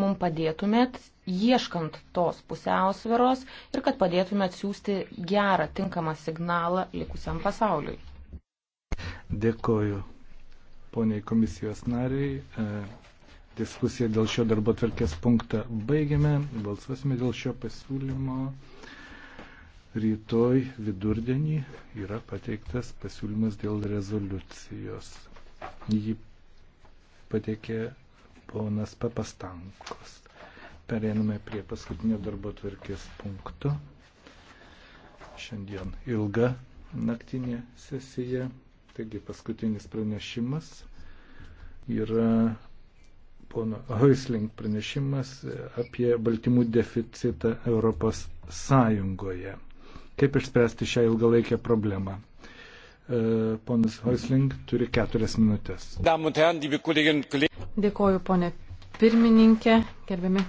mums padėtumėt ieškant tos pusiausviros ir kad padėtumėt siūsti gerą, tinkamą signalą likusiam pasauliui. Dėkoju poniai komisijos nariai. E, Diskusiją dėl šio darbo tvarkės punktą baigiame. Balsuosime dėl šio pasiūlymo. Rytoj vidurdienį yra pateiktas pasiūlymas dėl rezoliucijos. Jį pateikė ponas Papastankos. Perėmėme prie paskutinio darbo tvarkės punkto. Šiandien ilga naktinė sesija, taigi paskutinis pranešimas yra pono Hoisling pranešimas apie baltymų deficitą Europos Sąjungoje. Kaip išspręsti šią ilgalaikę problemą? E, ponas Häusling turi keturias minutės. Dėkoju, ponė pirmininkė, gerbiami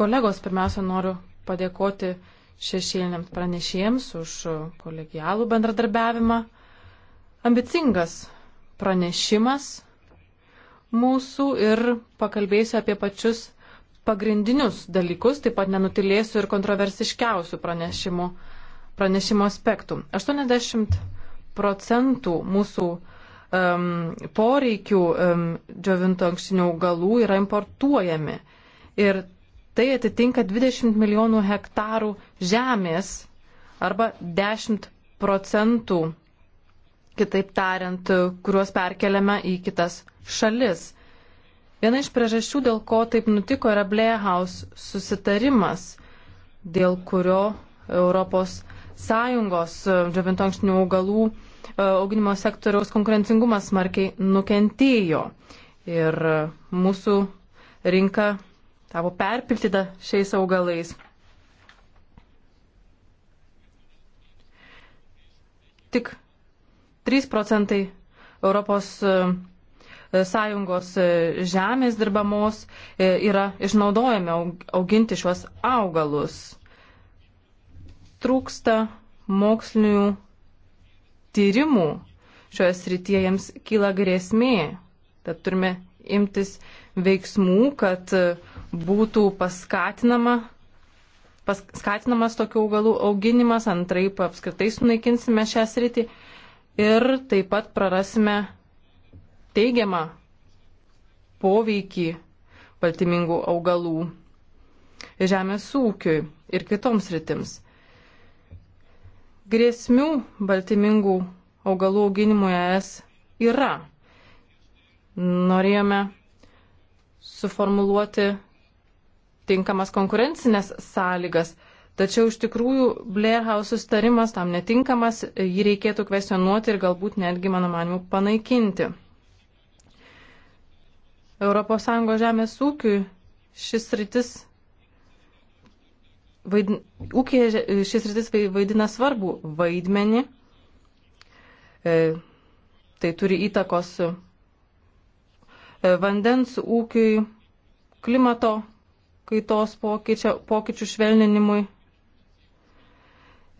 kolegos. Pirmiausia, noriu padėkoti šešėliniams pranešėjams už kolegialų bendradarbiavimą. Ambicingas pranešimas mūsų ir pakalbėsiu apie pačius pagrindinius dalykus, taip pat nenutilėsiu ir kontroversiškiausių pranešimų, pranešimo aspektų. 80 procentų mūsų um, poreikių um, džiovintų ankštinių augalų yra importuojami. Ir tai atitinka 20 milijonų hektarų žemės arba 10 procentų, kitaip tariant, kuriuos perkeliame į kitas šalis. Viena iš priežasčių, dėl ko taip nutiko, yra Blehaus susitarimas, dėl kurio Europos Sąjungos um, džiavintų ankštinių augalų uh, E, auginimo sektoriaus konkurencingumas smarkiai nukentėjo. Ir e, mūsų rinka tavo perpildyta šiais augalais. Tik 3 procentai Europos e, Sąjungos žemės dirbamos yra išnaudojami auginti šiuos augalus. Trūksta mokslinių tyrimų šioje srityje jiems kyla grėsmė. Tad turime imtis veiksmų, kad būtų paskatinama, paskatinamas tokių augalų auginimas, antraip apskritai sunaikinsime šią sritį ir taip pat prarasime teigiamą poveikį baltymingų augalų žemės ūkiui ir kitoms rytims. Grėsmių baltymingų augalų auginimui ES yra. Norėjome suformuluoti tinkamas konkurencinės sąlygas, tačiau iš tikrųjų Blair House sustarimas tam netinkamas, jį reikėtų kvesionuoti ir galbūt netgi, mano manimu, panaikinti. ES žemės ūkiui šis rytis vaidin, ūkėje šis rytis vaidina svarbų vaidmenį. E, tai turi įtakos e, vandens ūkiui, klimato kaitos pokyčio, pokyčių švelninimui,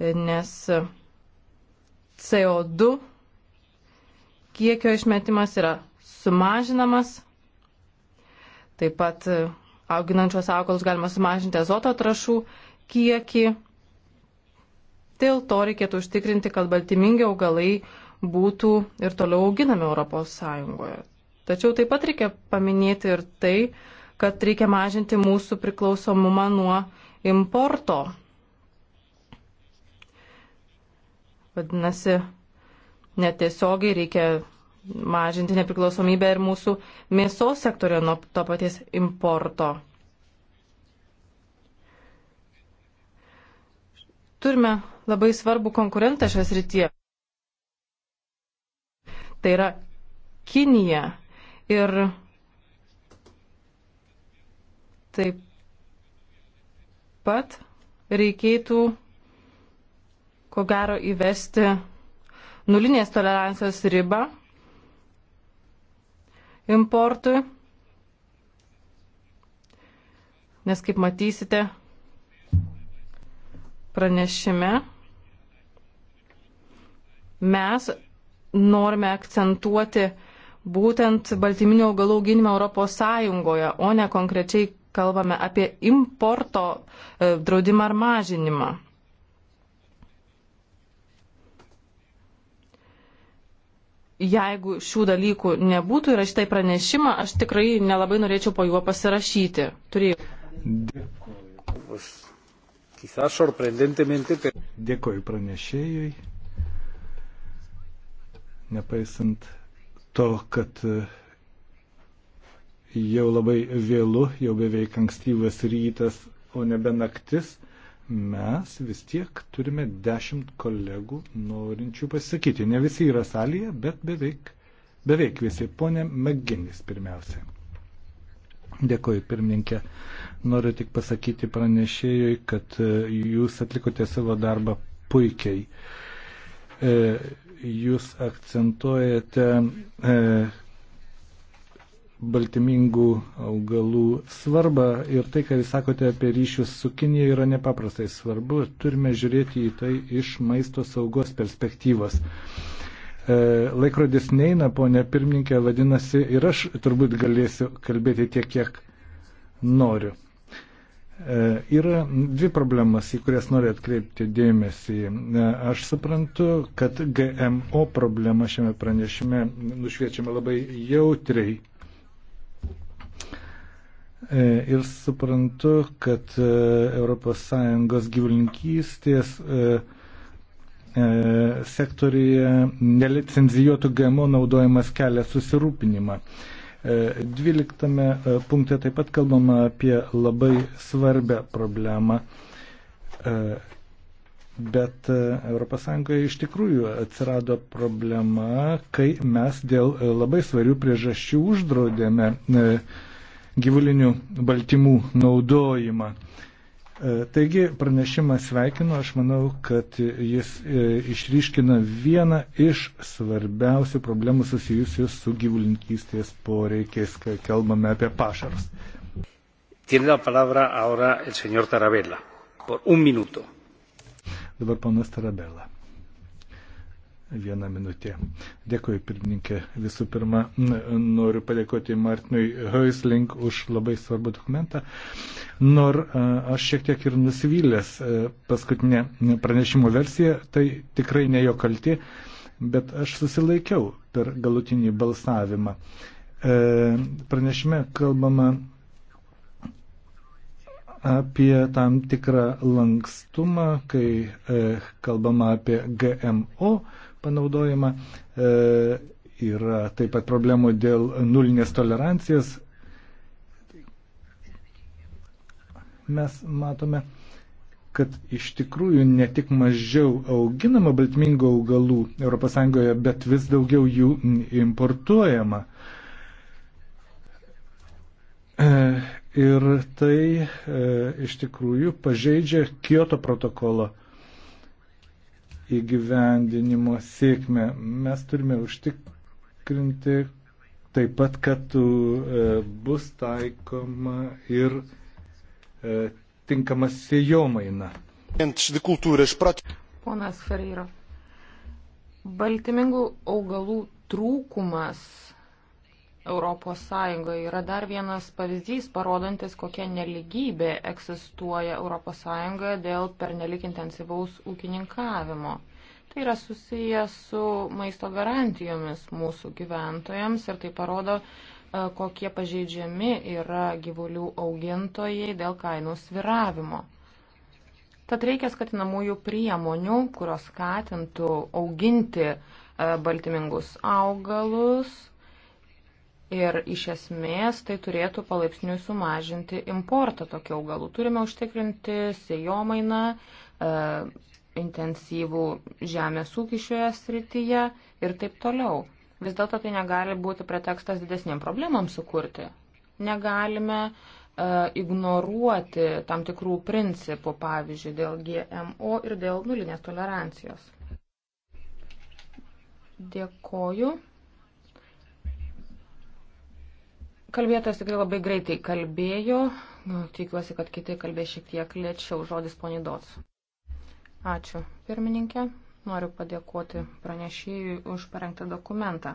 e, nes e, CO2 kiekio išmetimas yra sumažinamas. Taip pat e, auginančios augalus galima sumažinti azoto trašų kiekį. Dėl to reikėtų užtikrinti, kad baltymingi augalai būtų ir toliau auginami ES. Tačiau taip pat reikia paminėti ir tai, kad reikia mažinti mūsų priklausomumą nuo importo. Vadinasi, netiesiogiai reikia mažinti nepriklausomybę ir mūsų mėsos sektorio nuo to paties importo. turime labai svarbų konkurentą šios rytie. Tai yra Kinija. Ir taip pat reikėtų, ko gero, įvesti nulinės tolerancijos ribą importui, nes kaip matysite, pranešime mes norime akcentuoti būtent baltyminio augalų auginimą Europos Sąjungoje, o ne konkrečiai kalbame apie importo e, draudimą ar mažinimą. Jeigu šių dalykų nebūtų įrašyta į pranešimą, aš tikrai nelabai norėčiau po juo pasirašyti. Turėjau. Dėkui. Dėkoju pranešėjui. Nepaisant to, kad e, jau labai vėlu, jau beveik ankstyvas rytas, o nebe naktis, mes vis tiek turime dešimt kolegų norinčių pasakyti. Ne visi yra salėje, bet beveik, beveik visi. Pone Meginis pirmiausia. Dėkoju, pirmininkė. Noriu tik pasakyti pranešėjui, kad e, jūs atlikote savo darbą puikiai. E, jūs akcentuojate e, baltymingų augalų svarbą ir tai, ką jūs sakote apie ryšius su Kinija, yra nepaprastai svarbu. Turime žiūrėti į tai iš maisto saugos perspektyvos. Laikrodis neina, ponė pirmininkė, vadinasi, ir aš turbūt galėsiu kalbėti tiek, kiek noriu. E, yra dvi problemas, į kurias noriu atkreipti dėmesį. E, aš suprantu, kad GMO problema šiame pranešime nušviečiama labai jautriai. E, ir suprantu, kad ES gyvulininkystės sektorija nelicenzijuotų GMO naudojimas kelia susirūpinimą. 12 e, punkte taip pat kalbama apie labai svarbę problemą, e, bet ES iš tikrųjų atsirado problema, kai mes dėl e, labai svarių priežasčių uždraudėme gyvulinių baltymų naudojimą. E, taigi pranešimą sveikinu, aš manau, kad jis e, išryškina vieną iš svarbiausių problemų susijusių su gyvulinkystės poreikiais, kai kalbame apie pašarus. Dabar ponas Tarabela. Viena minutė. Dėkuoju, pirmininkė. Visų pirma, noriu padėkoti Martinui Heusling už labai svarbų dokumentą. Nor aš šiek tiek ir nusivylęs paskutinę pranešimo versiją, tai tikrai ne jo kalti, bet aš susilaikiau per galutinį balsavimą. E, pranešime kalbama apie tam tikrą lankstumą, kai e, kalbama apie GMO panaudojimą. E, yra taip pat problemų dėl nulinės tolerancijos. Mes matome, kad iš tikrųjų ne tik mažiau auginama baltmingų augalų ES, bet vis daugiau jų importuojama. E, ir tai e, iš tikrųjų pažeidžia Kyoto protokolo įgyvendinimo sėkmę. Mes turime užtikrinti taip pat, kad e, bus taikoma ir e, tinkama sėjomaina. Ponas Ferreira, baltymingų augalų trūkumas Europos Sąjungoje yra dar vienas pavyzdys, parodantis, kokia neligybė egzistuoja Europos Sąjungoje dėl pernelik intensyvaus ūkininkavimo. Tai yra susiję su maisto garantijomis mūsų gyventojams ir tai parodo, e, kokie pažeidžiami yra gyvulių augintojai dėl kainų sviravimo. Tad reikia skatinamųjų priemonių, kurios skatintų auginti e, baltymingus augalus, Ir iš esmės tai turėtų palaipsniui sumažinti importą tokių augalų. Turime užtikrinti sėjomainą, e, intensyvų žemės ūkį šioje srityje ir taip toliau. Vis dėlto tai negali būti pretekstas didesniam problemam sukurti. Negalime e, ignoruoti tam tikrų principų, pavyzdžiui, dėl GMO ir dėl nulinės tolerancijos. Dėkoju. Kalbėtojas tikrai labai greitai kalbėjo, nu, tikiuosi, kad kiti kalbės šiek tiek lėčiau. Žodis poniai Dots. Ačiū, pirmininkė. Noriu padėkoti pranešėjui už parengtą dokumentą.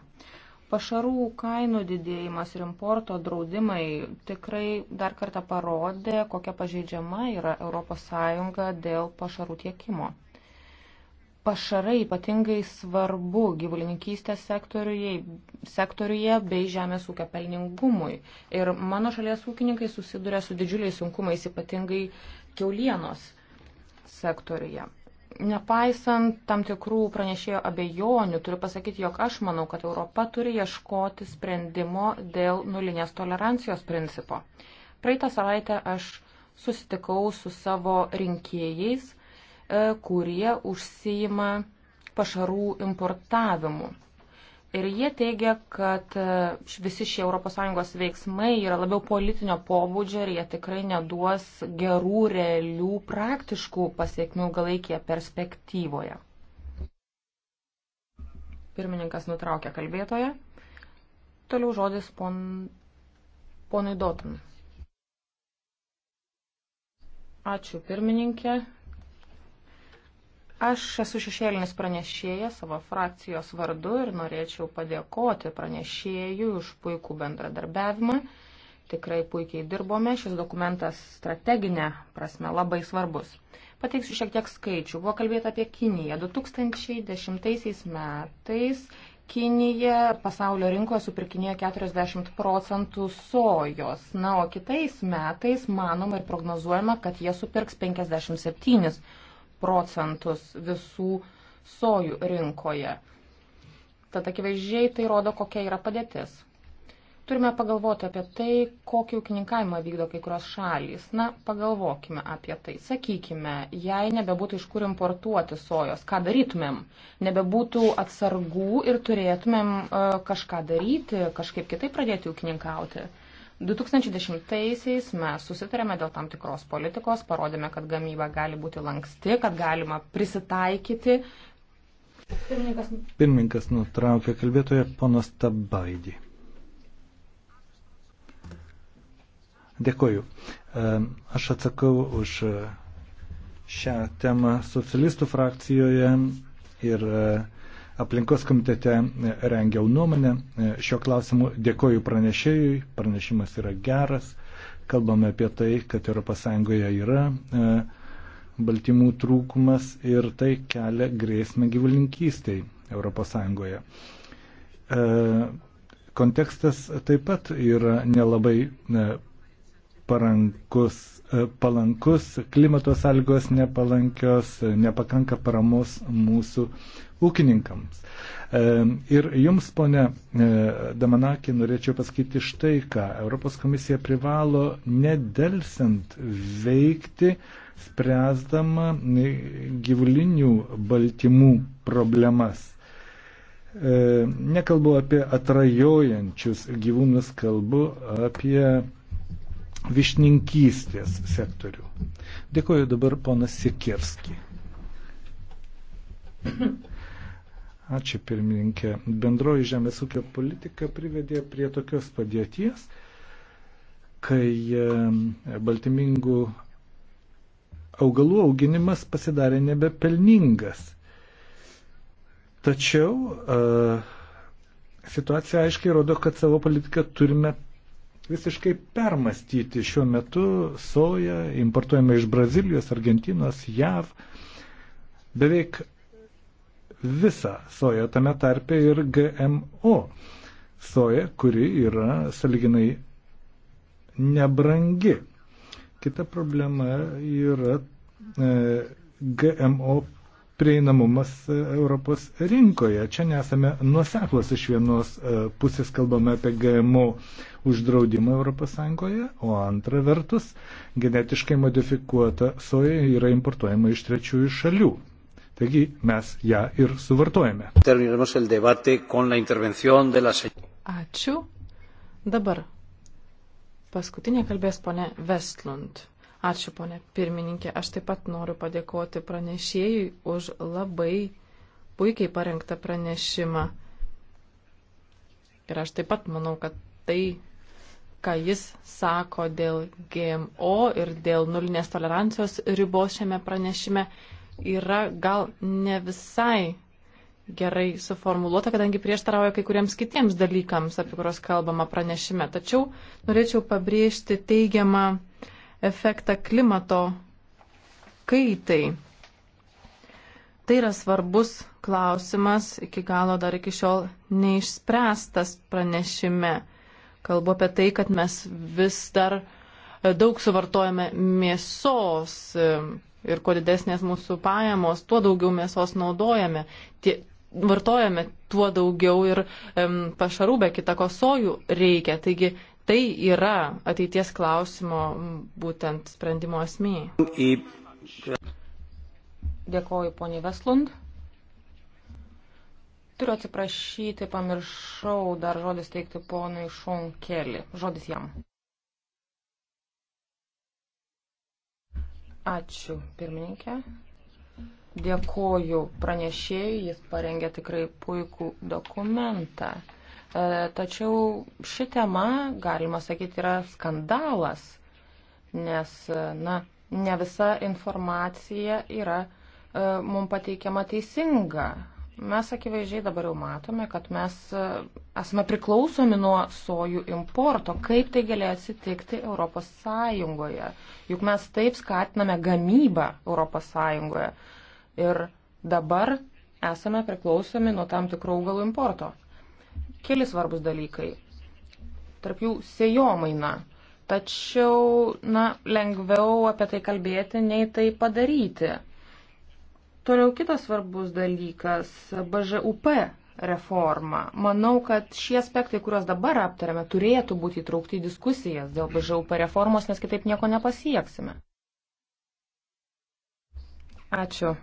Pašarų kainų didėjimas ir importo draudimai tikrai dar kartą parodė, kokia pažeidžiama yra ES dėl pašarų tiekimo pašarai ypatingai svarbu gyvulininkystės sektoriuje, sektoriuje bei žemės ūkio pelningumui. Ir mano šalies ūkininkai susiduria su didžiuliais sunkumais, ypatingai keulienos sektoriuje. Nepaisant tam tikrų pranešėjo abejonių, turiu pasakyti, jog aš manau, kad Europa turi ieškoti sprendimo dėl nulinės tolerancijos principo. Praeitą savaitę aš susitikau su savo rinkėjais E, kurie užsijima pašarų importavimu. Ir jie teigia, kad e, visi šie ES veiksmai yra labiau politinio pobūdžio ir jie tikrai neduos gerų, realių, praktiškų pasiekmių galaikėje perspektyvoje. Pirmininkas nutraukė kalbėtoją. Toliau žodis pon... ponui Dotum. Ačiū pirmininkė. Aš esu šešėlinis pranešėjas savo frakcijos vardu ir norėčiau padėkoti pranešėjui už puikų bendradarbiavimą. Tikrai puikiai dirbome, šis dokumentas strateginė prasme labai svarbus. Pateiksiu šiek tiek skaičių. Buvo kalbėta apie Kiniją. 2010 metais Kinija pasaulio rinkoje supirkinėjo 40 procentų sojos. Na, o kitais metais manoma ir prognozuojama, kad jie supirks 57 procentų procentus visų sojų rinkoje. Tad akivaizdžiai tai rodo, kokia yra padėtis. Turime pagalvoti apie tai, kokį ūkininkavimą vykdo kai kurios šalys. Na, pagalvokime apie tai. Sakykime, jei nebebūtų iš kur importuoti sojos, ką darytumėm? Nebebūtų atsargų ir turėtumėm uh, kažką daryti, kažkaip kitaip pradėti ūkininkauti. Uh, 2010-aisiais mes susitarėme dėl tam tikros politikos, parodėme, kad gamyba gali būti lanksti, kad galima prisitaikyti. Pirmininkas, Pirmininkas nutraukė kalbėtoje ponas Tabaidį. Dėkoju. E, aš atsakau už e, šią temą socialistų frakcijoje ir uh, aplinkos komitete e, rengiau nuomonę e, šio klausimu. Dėkoju pranešėjui, pranešimas yra geras. Kalbame apie tai, kad ES yra e, baltymų trūkumas ir tai kelia grėsmę gyvulinkystei ES. Kontekstas taip pat yra nelabai parankus E, palankus, klimato sąlygos nepalankios, e, nepakanka paramos mūsų ūkininkams. E, ir jums, ponė Damanakė, norėčiau pasakyti štai ką. Europos komisija privalo nedelsiant veikti, spręsdama gyvulinių baltymų problemas. Nekalbu apie atrajojančius gyvūnus, kalbu apie višninkystės sektorių. Dėkuoju dabar ponas Sikirski. Ačiū pirmininkė. Bendroji žemės ūkio politika privedė prie tokios padėties, kai e, baltymingų augalų auginimas pasidarė nebepelningas. Tačiau a, e, situacija aiškiai rodo, kad savo politiką turime visiškai permastyti. Šiuo metu soja importuojama iš Brazilijos, Argentinos, JAV. Beveik visą soją tame tarpe ir GMO. Soja, kuri yra saliginai nebrangi. Kita problema yra e, GMO prieinamumas e, Europos rinkoje. Čia nesame nuoseklos iš vienos e, pusės kalbame apie GMO uždraudimą ES, o antra vertus genetiškai modifikuota soja yra importuojama iš trečiųjų šalių. Taigi mes ją ir suvartojame. Ačiū. Dabar paskutinė kalbės ponė Vestlund. Ačiū, ponė pirmininkė. Aš taip pat noriu padėkoti pranešėjui už labai puikiai parengtą pranešimą. Ir aš taip pat manau, kad tai, ką jis sako dėl GMO ir dėl nulinės tolerancijos ribos šiame pranešime, yra gal ne visai gerai suformuoluota, kadangi prieštarauja kai kuriems kitiems dalykams, apie kuriuos kalbama pranešime. Tačiau norėčiau pabrėžti teigiamą uh, efektą klimato kaitai. Tai yra svarbus klausimas, iki galo dar iki šiol neišspręstas pranešime. Kalbu apie tai, kad mes vis dar e, daug suvartojame mėsos e, ir kuo didesnės mūsų pajamos, tuo daugiau mėsos naudojame. Tie, vartojame tuo daugiau ir um, pašarų be kitako sojų reikia. Taigi Tai yra ateities klausimo būtent sprendimo esmė. Dėkoju, poniai Veslund. Turiu atsiprašyti, pamiršau dar žodis teikti ponui Šonkelį. Žodis jam. Ačiū, pirmininkė. Dėkoju pranešėjui, jis parengė tikrai puikų dokumentą. E, tačiau ši tema, galima sakyti, yra skandalas, nes e, na, ne visa informacija yra e, mums pateikiama teisinga. Mes akivaizdžiai dabar jau matome, kad mes esame priklausomi nuo sojų importo. Kaip tai galėjo atsitikti Europos Sąjungoje? Juk mes taip skatiname gamybą Europos Sąjungoje. Ir dabar esame priklausomi nuo tam tikrų augalų importo keli svarbus dalykai. Tarp jų sejomaina. Tačiau, na, lengviau apie tai kalbėti, nei tai padaryti. Toliau kitas svarbus dalykas - BŽUP reforma. Manau, kad šie aspektai, kuriuos dabar aptarėme, turėtų būti įtraukti į diskusijas dėl BŽUP reformos, nes kitaip nieko nepasieksime. Ačiū,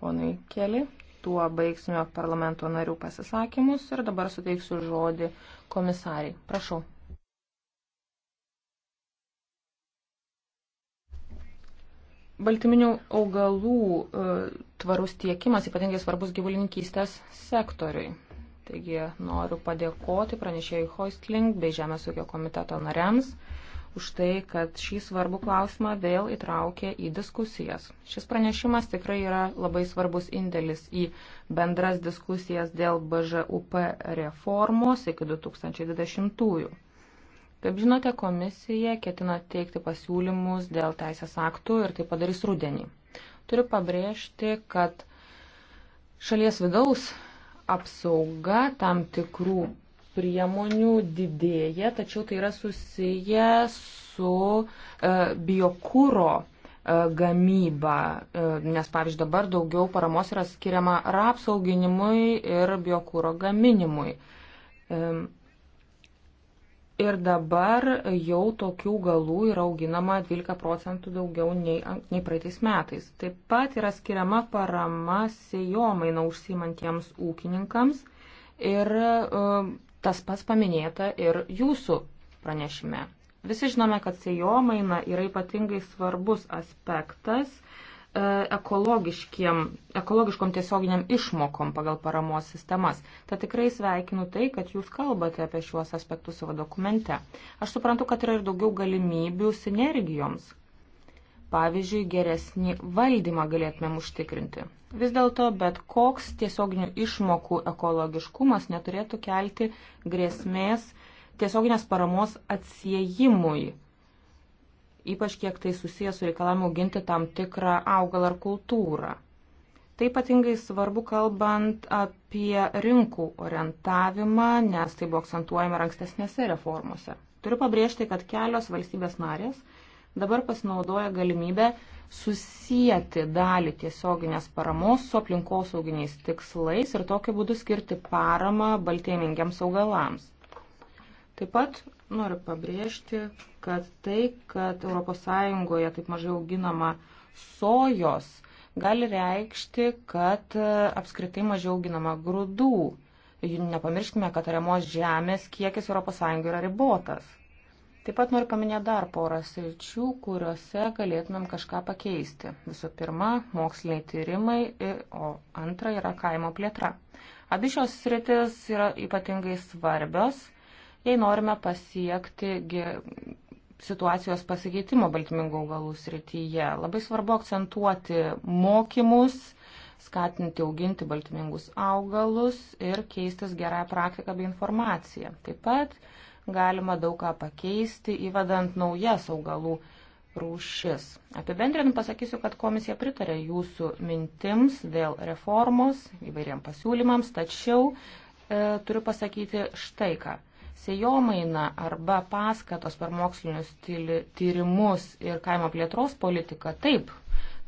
ponai Keli tuo baigsime parlamento narių pasisakymus ir dabar suteiksiu žodį komisariai. Prašau. Baltyminių augalų e, tvarus tiekimas ypatingai svarbus gyvulininkystės sektoriui. Taigi noriu padėkoti pranešėjui Hoistling bei Žemės ūkio komiteto nariams už tai, kad šį svarbų klausimą vėl įtraukė į diskusijas. Šis pranešimas tikrai yra labai svarbus indėlis į bendras diskusijas dėl BŽUP reformos iki 2020-ųjų. Kaip žinote, komisija ketina teikti pasiūlymus dėl teisės aktų ir tai padarys rudenį. Turiu pabrėžti, kad šalies vidaus apsauga tam tikrų priemonių didėja, tačiau tai yra susiję su e, biokūro e, gamybą, e, nes pavyzdžiui dabar daugiau paramos yra skiriama rapsauginimui ir biokūro gaminimui. Ir dabar jau tokių galų yra auginama 12 procentų daugiau nei, nei praeitais metais. Taip pat yra skiriama parama sėjomai naužsimantiems ūkininkams ir Tas pats paminėta ir jūsų pranešime. Visi žinome, kad sėjomaina yra ypatingai svarbus aspektas e, ekologiškom tiesioginiam išmokom pagal paramos sistemas. Ta tikrai sveikinu tai, kad jūs kalbate apie šiuos aspektus savo dokumente. Aš suprantu, kad yra ir daugiau galimybių sinergijoms. Pavyzdžiui, geresnį valdymą galėtumėm užtikrinti. Vis dėlto, bet koks tiesioginių išmokų ekologiškumas neturėtų kelti grėsmės tiesioginės paramos atsiejimui, ypač kiek tai susijęs su reikalavimu ginti tam tikrą augalą ar kultūrą. Tai ypatingai svarbu kalbant apie rinkų orientavimą, nes tai buvo akcentuojama ir ankstesnėse reformose. Turiu pabrėžti, kad kelios valstybės narės dabar pasinaudoja galimybę susijęti dalį tiesioginės paramos su aplinkosauginiais tikslais ir tokiu būdu skirti paramą baltėmingiams augalams. Taip pat noriu pabrėžti, kad tai, kad ES taip mažai auginama sojos, gali reikšti, kad e, apskritai mažiau auginama grūdų. Nepamirškime, kad ariamos žemės kiekis ES yra ribotas. Taip pat noriu paminėti dar porą sričių, kuriuose galėtumėm kažką pakeisti. Visų pirma, moksliniai tyrimai, o antra yra kaimo plėtra. Abi šios sritis yra ypatingai svarbios, jei norime pasiekti situacijos pasikeitimo baltymingų augalų srityje. Labai svarbu akcentuoti mokymus, skatinti auginti baltymingus augalus ir keistis gerąją praktiką bei informaciją. Taip pat galima daug ką pakeisti, įvedant naujas augalų rūšis. Apibendrinant pasakysiu, kad komisija pritarė jūsų mintims dėl reformos, įvairiam pasiūlymams, tačiau e, turiu pasakyti štai ką. Sejomaina arba paskatos per mokslinius tyli, tyrimus ir kaimo plėtros politiką, taip,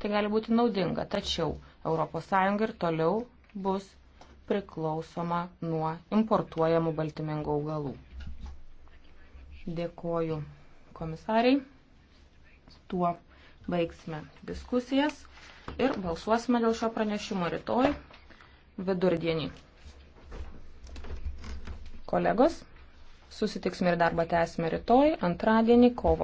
tai gali būti naudinga, tačiau ES ir toliau bus priklausoma nuo importuojamų baltymingų augalų. Dėkoju komisariai. Tuo baigsime diskusijas ir balsuosime dėl šio pranešimo rytoj vidurdienį. Kolegos, susitiksime ir darbą tęsime rytoj, antradienį kovo.